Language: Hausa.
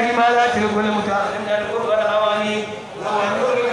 الله ما لا تلقون المتعلمين القرآن الأواني وأن